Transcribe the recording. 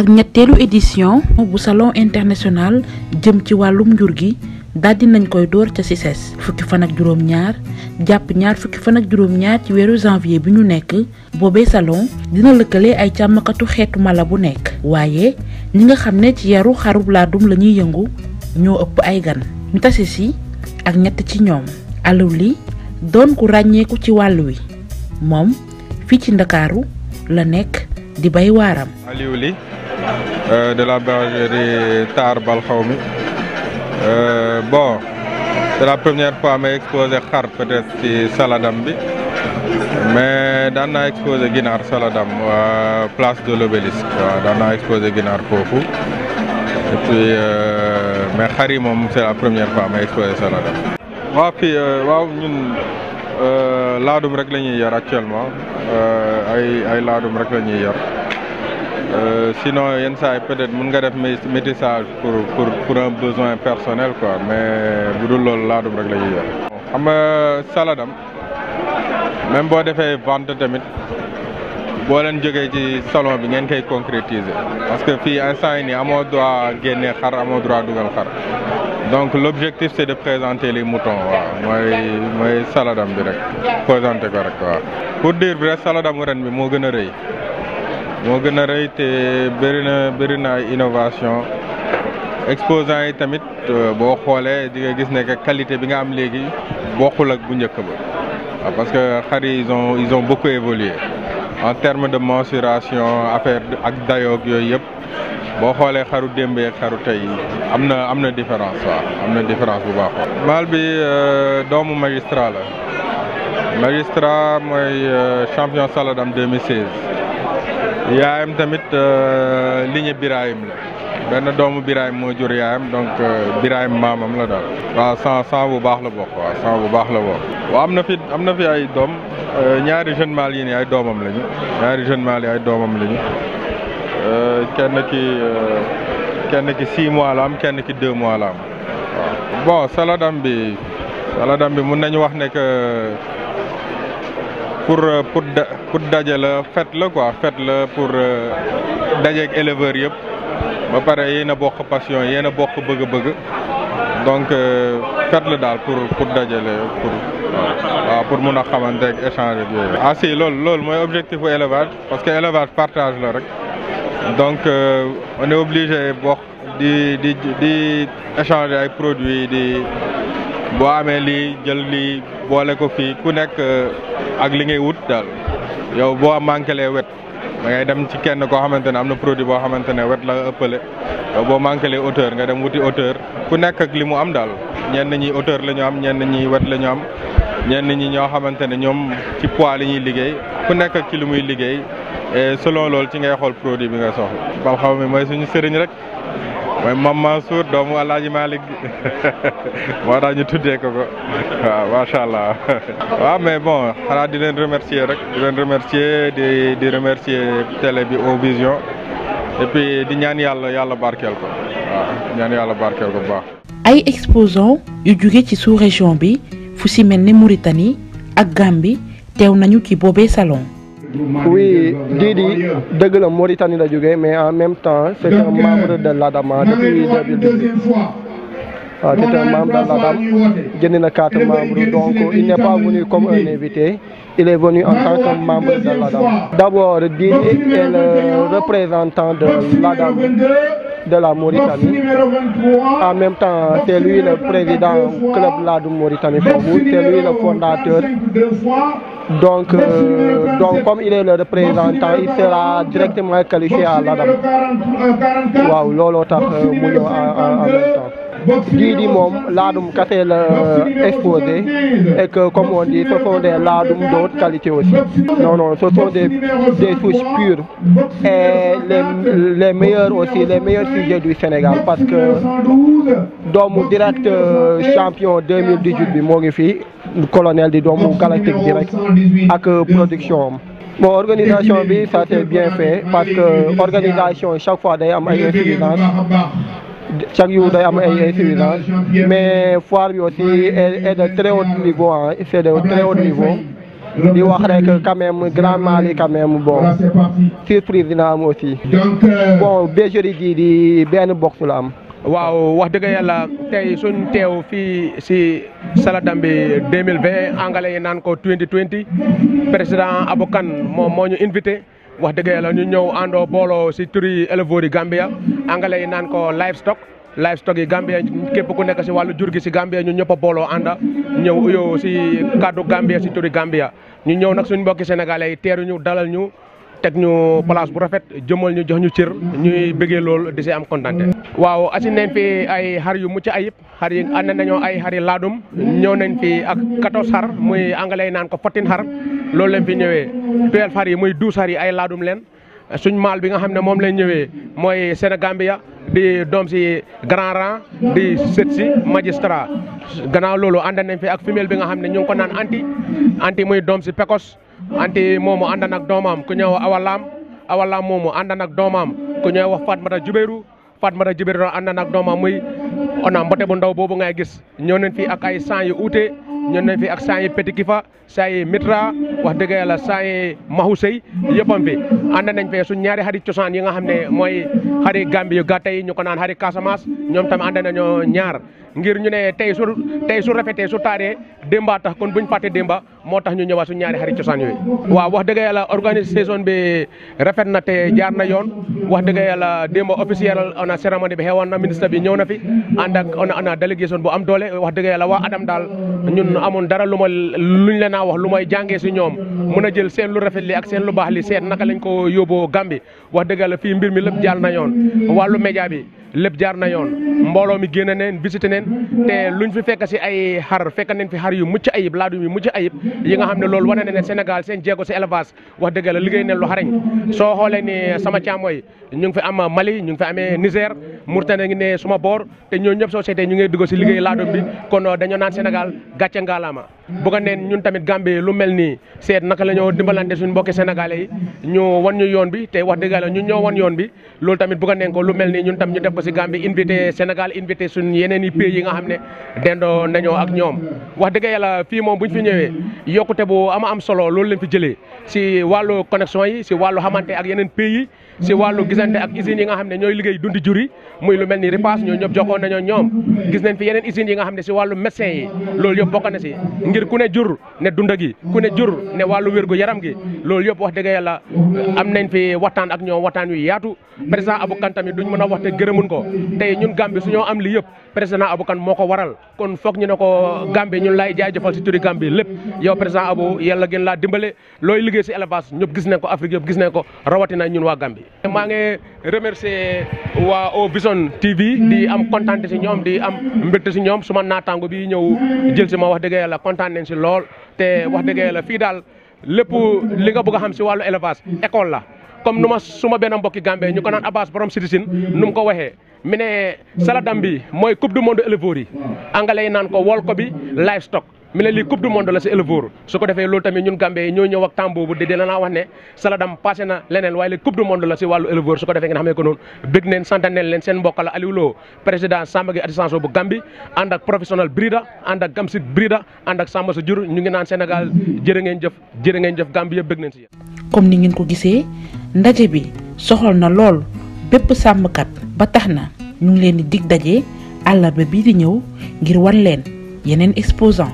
ak ñettelu édition bu salon international jëm ci walum njur gi daldi nañ koy door ca CICES fukki fan ak juroom ñaar japp ñaar fukki fan ak juroom ñaar ci wéru janvier bi ñu nekk bobé salon dina lëkkale ay chamakatu xeetu mala bu nekk wayé ñi nga xamné ci yaru xarub la dum lañuy yëngu ñoo ëpp ay gan ñu tassé ci ak ñett ci ñoom li doon ku ci walu wi mom fi ci la nekk di bay waram Euh, de la bergerie Tar Euh, bon, c'est la première fois que j'ai exposé Khar peut-être si Saladambi. mais dans naa exposé Guinard Saladam place de l'obélisque dans daan naa exposé Guinard et puis euh, mais c'est la première fois j'ai exposé Saladam. Moi je suis ñun euh, laadum rek la ñuy actuellement ay ay rek euh, sinon yenn saa yi peut-être mën nga def métissage pour pour pour un besoin personnel quoi mais bu dul loolu laadum rek la ñuy yor. xam nga saladam même boo defee vente tamit boo leen jógee ci salon bi ngeen koy concrétiser parce que fii instant yi nii amoo droit génne xar amoo droit dugal xar donc l'objectif c'est de présenter les moutons waaw mooy mooy saladam bi rek présenter ko rek waaw. pour dire vrai saladamu ren bi moo gën a rëy. Je suis innovation exposant yi tamit de euh, qualité ah, parce que ils ont beaucoup évolué en termes de mensuration affaire ak il beaucoup de xaru ak xaru des différence différence euh, magistrat la magistrat de euh, champion 2016 yaayam tamit euh, ligne Birahim la benn doomu Birahim moo jur yaayam donc euh, Birahim maamam la daal. waaw san sang bu baax la bokk waaw sang bu baax la bokk. waaw am na fi am na fi ay doom euh, ñaari jeune mâle yi nii ay doomam lañu ñaari jeune mâle yi ay doomam lañu kenn ki kenn ki six mois la am kenn ki deux mois la am waaw bon saladam bi saladam bi mun nañu wax ne que. pour euh, pour pour daje la fête la quoi fête la pour euh, dajeeg éleveur yépp ba paré yéna bokk passion yéna a bokk bëgg-bëgg donc euh, fête la dal pour pour dajale pour waaw pour mëna xamanté ak échanger ak yooyu. ah si loolu objectif élevage parce que élevage partage la rek donc on est obligé bokk di di di échanger ay produits di bo amé li jël li bolé ko fi ku nekk. ak li ngay wut daal yow boo manquélee wet da ngay dem ci kenn koo xamante ne am na produit boo xamante ne wet la ëppale yow boo manquélee hauteur nga dem wuti hauteur ku nekk ak li mu am daal ñenn ñi hauteur la ñu am ñenn ñi wet la ñu am ñenn ñi ñoo xamante ne ñoom ci pois la ñuy liggéey ku nekk ak ci li muy liggéey et selon loolu ci ngay xool produit bi nga soxla. Bal xaw mi sëriñ rek. mooy Mam Mansour doomu Alaaji malik moo tax ñu tuddee ko ko waaw macha allah wa mais bon xanaa di leen remercier rek di leen remercier di di remercier télé bi vision et puis di ñaan yalla yalla barkel ko waaw ñaan yalla barkel ko baax. ay exposants yu jóge ci sous région bi fu ci mel Mauritanie ak Gambie teew nañu ci bobé salon. Oui, Didi, de la Mauritanie la mais en même temps c'est un membre de l'ADAMA depuis fois. Ah, c'est un membre de l'ADAMA, quatre membres donc il n'est pas venu comme un invité, il est venu en tant que membre de l'ADAMA. D'abord, Didi est le représentant de l'ADAMA de la Mauritanie. En même temps, c'est lui le président du club de la Mauritanie c'est lui le fondateur. Donc, euh, donc comme il est le représentant, il sera directement qualifié à l'ADAM. Waaw looloo tax euh, mu en même temps. la euh, et que comme on dit ce sont des l'adum d'autres haute qualité aussi non non ce sont des des souches pures et les les meilleurs aussi les meilleurs sujets du Sénégal parce que mon euh, direct champion 2018 bi Mogifi, le colonel du Domou galactique direct avec production Mon bon organisation ça c'est bien fait parce que organisation chaque fois day am ay chaque jour day am ay ay surveillance mais foire bi aussi est de très haut niveau ah c'est de très niveau di wax rek quand Grand Mali quand même bon surprise dina am aussi euh, bon bergerie gi di benn box la am waaw wax dëgg yàlla tey suñ teew fii si Saladambi 2020 yi naan ko 2020 président Abou moo ñu invité wax deug yalla ñu ñew polo bolo si turi éleveurs Gambia anglais yi nan ko livestock livestock yi Gambia képp ku nekk ci walu jurgi ci Gambia ñu ñëpp bolo anda ñew yo ci si kado Gambia si turi Gambia ñu ñew nak suñu mbokk sénégalais yi téru ñu dalal ñu tek ñu place bu rafet jëmal ñu jox ñu ciir ñuy bëggé lool di ci am contenté waaw asi nañ fi ay har yu mucc ayib har yi ànd nañu ay har yi ladum ñew nañ fi ak 14 har muy anglais nan ko 14 har loolu lañ fi ñëwee peel far yi muy douze xar ay laadum leen suñ maal bi nga xam ne moom lañ ñëwee mooy Sénégambia di doom si grand rang di sët si magistrat gannaaw loolu ànd nañ fi ak femelle bi nga xam ne ñu ngi ko naan anti anti muy doom si pekos anti mu ànd nag doomam ku laam awa awalaam awalaam mu ànd nag doomam ku ñëw wax Fatmata Jubéru Fatmata Jubéru ànd nag doomam muy ona mbote bu ndaw boobu ngay gis ñëw nañ fi ak ay sang yu uute ñëw nañ fi ak saa yi Petit Kifa saa yi Mitra wax dëgg yàlla saa yi Mahou Sey yëppam fi ànd nañ fee suñ ñaari xarit cosaan yi nga xam ne mooy xarit Gambie yu gàtta yi ñu ko naan xarit Casamance ñoom tamit ànd nañoo ñaar ngir ñu né tay su tay su rafété su taré demba tax kon buñ fàtte demba moo tax ñu ñëwa su ñaari xari cosaan yooyu wa wax yalla organiser saison bi rafet na té jaar na yoon wax deug yalla demba officiel on a cérémonie bi xewoon na ministre bi ñëw na fi and ak on a délégation bu am doolé wax deug yalla wa Adam dal ñun amon dara luma luñ leena wax lumay jangé ci ñom mëna jël seen lu rafet li ak seen lu bax li seet naka lañ ko yobo gambi wax deug yalla fi mbir mi lepp jàll na yoon walu média bi lépp jaar na yoon mbooloo mi génn neen visité neen te luñ fi fekk si ay xar fekk neen fi xar yu mucc ayib laadum yu mucc ayib yi nga xam ne loolu wane na ne Sénégal seen jéego si élevage wax dëgg la liggéey neen lu xarañ soo xoolee ni sama càmmooy ñu ngi fi am Mali ñu ngi fi amee Niger Mauritanie ngi ne suma boor te ñoo ñëpp soo seetee ñu ngi dugg si liggéey laadum bi kon dañoo naan Sénégal gàcce ngaalaama bukan nen ñun tamit Gambie lu melni nii seet naka lañu ñoo dimbalante suñu mbokk sénégalais yi ñu wan ñu yoon bi te wax dëgg yàlla ñoo wan yoon bi lool tamit bukan ko ko lu melni ñun tam ñu def ko si Gambie invité Sénégal invité suñu yeneen pays yi nga xam ne nañu ak ñom wax dëgg yalla fi mom buñ fi ñëwé yokuté bu ama am solo lool lañ fi jëlé si walu connexion yi si walu xamanté ak yeneen pays yi si walu gisante ak usines yi nga xam ñoy liggéey dundi juri muy lu melni ni ripaas ñoo ñëpp joxoon nañoo ñoom gis nañ fi yeneen yi nga ci si médecin yi lool yop bokk na ci ngir ku ne jur ne dund gi ku ne jur ne wàllu wérgo yaram gi loolu yëpp wax dëgg yàlla am nañ fi waxtaan ak ñoom waxtaan yu yaatu président Abou Kane tamit duñ mën a wax te gërëmun ko tey ñun Gambie suñoo am li yëpp président Abou kan moo ko waral kon fook ñu ne ko Gambie ñun laay jaajëfal si turi Gambie lépp yow président Abou yàlla gën laa dimbale looy liggéey si élevage ñëpp gis nañ ko Afrique yëpp gis nañ ko rawatina ñun waa Gambie. maa ngi remercier waa Ovision TV di am kontaan si ñoom di am mbégte si ñoom suma naataango bi ñëw jël si ma wax dëgg yàlla kontaan nañ si lool te wax dëgg la fii daal lépp li nga bëgg a xam si wàllu élevage école la. comme nu ma su ma benn mbokki Gambey ñu ko naan Abbas borom Citizen nu ko waxee mi ne saladam bi mooy coupe du monde éleveurs yi anglais yi naan ko wol ko bi livestock mi ne lii coupe du monde la si éleveur su ko defee loolu tamit ñun Gambey yi ñoo ñëw ak temps boobu di dina naa wax ne saladam passé na leneen waaye léegi coupe du monde la si wàllu éleveur su ko defee ngeen xamee ko noonu bëgg neen sant neen leen seen mbokk la Aliou président Samba gi assistance bu Gambie sa jur ngi naan Sénégal jërë ngeen jëf jërë ngeen jëf Gambie yëpp bëgg neen si comme ni ngeen ko gisee ndaje bi soxal na lool bépp sàmmkat ba tax na ñu ngi leen di dig daje àllarba bii di ñëw ngir wan leen yeneen exposan